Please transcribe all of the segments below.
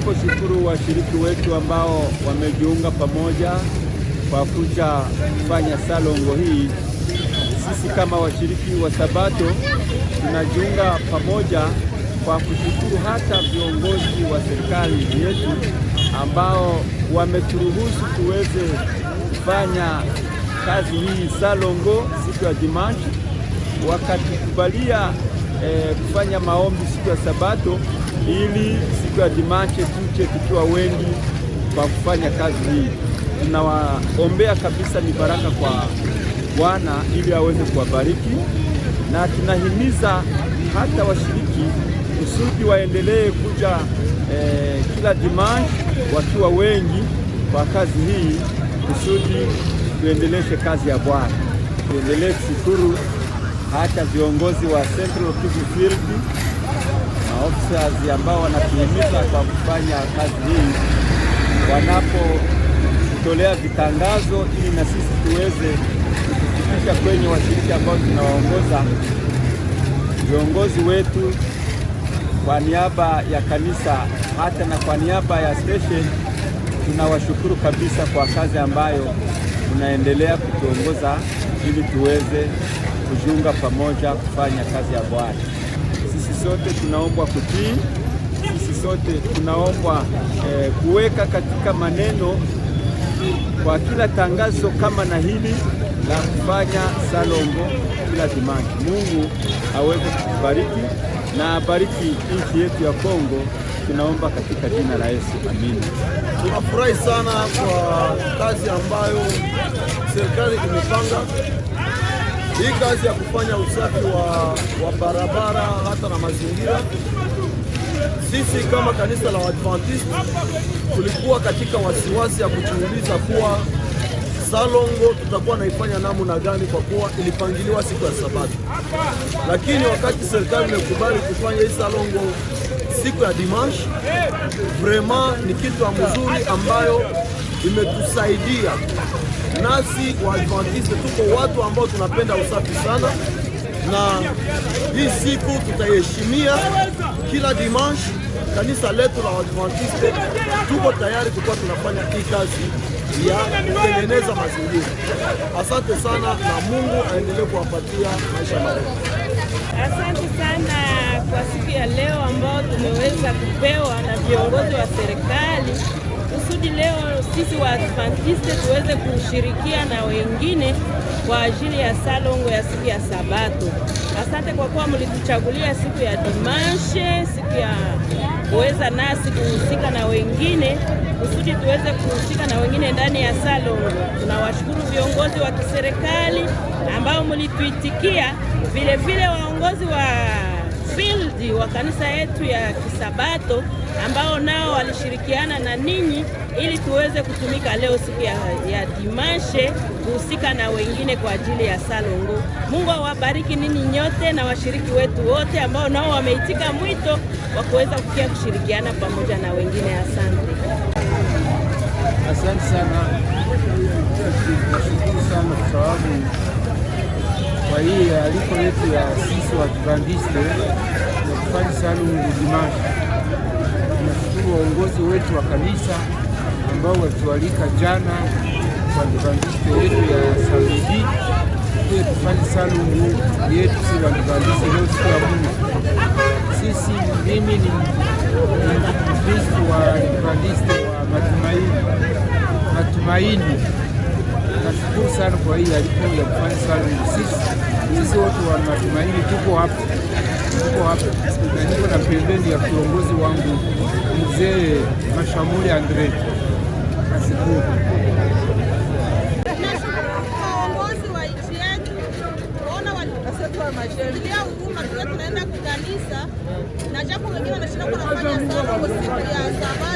shukuru washiriki wetu ambao wamejiunga pamoja kwa kuja kufanya salongo hii. Sisi kama washiriki wa Sabato tunajiunga pamoja kwa kushukuru hata viongozi wa serikali yetu ambao wameturuhusu tuweze kufanya kazi hii salongo siku ya Dimanche, wakatukubalia eh, kufanya maombi siku ya Sabato ili siku ya dimanche tuche tukiwa wengi kwa kufanya kazi hii. Tunawaombea kabisa, ni baraka kwa Bwana ili aweze kuwabariki, na tunahimiza hata washiriki kusudi waendelee kuja eh, kila dimanche wakiwa wengi kwa kazi hii kusudi tuendeleshe kazi ya Bwana, tuendelee kushukuru hata viongozi wa Central Kivu Field officers ambao wanatumika kwa kufanya kazi hii wanapotolea vitangazo, ili na sisi tuweze kufikisha kwenye washirika ambao tunawaongoza. Viongozi wetu kwa niaba ya kanisa hata na kwa niaba ya station tunawashukuru kabisa kwa kazi ambayo tunaendelea kutuongoza ili tuweze kujiunga pamoja kufanya kazi ya Bwana. Sisi sote tunaombwa kutii, sisi sote tunaombwa eh, kuweka katika maneno kwa kila tangazo kama na hili la kufanya salongo kila dimani. Mungu aweze kutubariki na abariki nchi yetu ya Kongo. Tunaomba katika jina la Yesu, amina. Tunafurahi sana kwa kazi ambayo serikali imepanga hii kazi ya kufanya usafi wa, wa barabara hata na mazingira, sisi kama kanisa la Waadventist tulikuwa katika wasiwasi ya kujiuliza kuwa Salongo tutakuwa naifanya namna gani, kwa kuwa ilipangiliwa siku ya Sabato, lakini wakati serikali imekubali kufanya hii Salongo siku ya Dimanche, vraiment ni kitu ya mzuri ambayo imetusaidia nasi Waadventiste tuko watu ambao tunapenda usafi sana, na hii siku tutaiheshimia kila dimanche. Kanisa letu la Waadventiste tuko tayari kukuwa tunafanya hii kazi ya kutengeneza mazingira. Asante sana, na Mungu aendelee kuwapatia maisha marefu. Asante sana kwa siku ya leo ambao tumeweza kupewa na viongozi wa serikali sisi Waadventiste tuweze kushirikia na wengine kwa ajili ya salongo ya siku ya Sabato. Asante kwa kuwa mlituchagulia siku ya dimanche, siku ya kuweza nasi kuhusika na wengine kusudi tuweze kuhusika na wengine ndani ya salongo. Tunawashukuru viongozi wa kiserikali ambao mlituitikia, vilevile waongozi wa field wa kanisa yetu ya Kisabato ambao nao walishirikiana na ninyi ili tuweze kutumika leo siku ya, ya Dimashe kuhusika na wengine kwa ajili ya Salongo. Mungu awabariki ninyi nyote na washiriki wetu wote ambao nao wameitika mwito wa kuweza kufikia kushirikiana pamoja na wengine. Asante, asante sana, nashukuru sana kwa sababu kwa hiyo aliko yetu ya sisi wa Adventiste na kufanya Salum Ludimashi, tunashukuru waongozi wetu wa kanisa ambao walitualika jana kwa Adventiste yetu ya Saludi tuye tufanye Salum yetu si wa Adventiste leo siku ya Mungu. Sisi mimi ni Mkristo wa Adventiste wa matumaini matumaini nashukuru sana kwa hii alipo ya kufanya swala hili. Sisi sisi wote wa matumaini tuko hapa, tuko hapa na niko na pembeni ya kiongozi wangu mzee Mashamuri Andre. Nashukuru wa nchi yetu, ona walitulia huruma. Tunaenda kukanisa na japo wengine wanashinda kufanya sala siku ya saba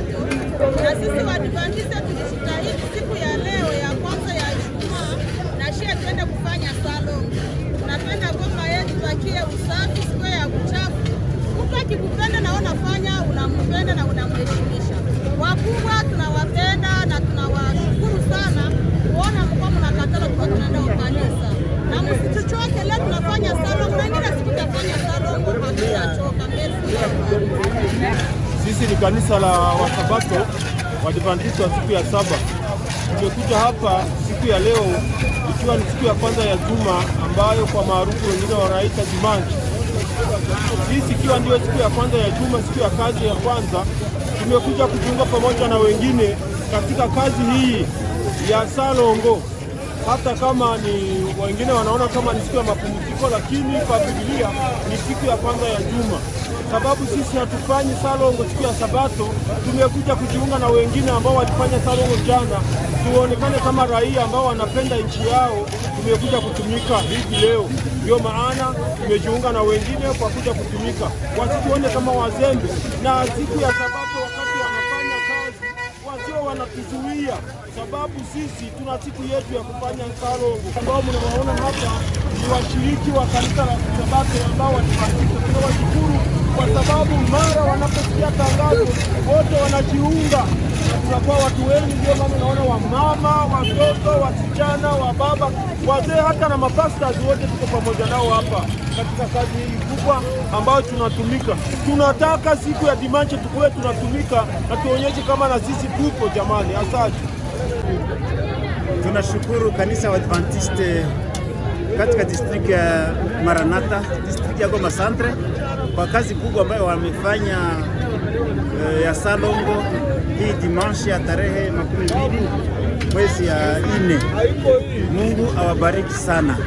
kanisa la Wasabato Waadventista wa siku ya saba. Tumekuja hapa siku ya leo ikiwa ni siku ya kwanza ya juma ambayo kwa maarufu wengine wanaita Jumanji. Sisi ikiwa ndiyo siku ya kwanza ya juma, siku ya kazi ya kwanza, tumekuja kujiunga pamoja na wengine katika kazi hii ya salongo hata kama ni wengine wanaona kama ni siku ya mapumziko, lakini kwa Biblia ni siku ya kwanza ya juma, sababu sisi hatufanyi salongo siku ya Sabato. Tumekuja kujiunga na wengine ambao walifanya salongo jana, tuonekane kama raia ambao wanapenda nchi yao. Tumekuja kutumika hivi leo, ndio maana tumejiunga na wengine kwa kuja kutumika, wasituone kama wazembe na siku ya Sabato wanatuzuia, sababu sisi tuna siku yetu ya kufanya nkarongo. Ambao mnawaona hapa ni washiriki wa kanisa la Sabato ambao walipatikana sababu mara wanaposikia tangazo wote wanajiunga, tunakuwa watu wengi. Ndio maana unaona wamama, watoto, wasichana, wababa, wazee, hata na mapastas wote tuko pamoja nao hapa katika kazi hii kubwa ambayo tunatumika. Tunataka siku ya dimanche tukuwe tunatumika na tuonyeshe kama na sisi tupo jamani. Asante, tunashukuru kanisa wa Adventiste katika district ya Maranata, district ya Goma Centre kwa kazi kubwa ambayo wamefanya e, ya Salongo hii dimanche ya tarehe makumi mbili mwezi ya nne. Mungu awabariki sana.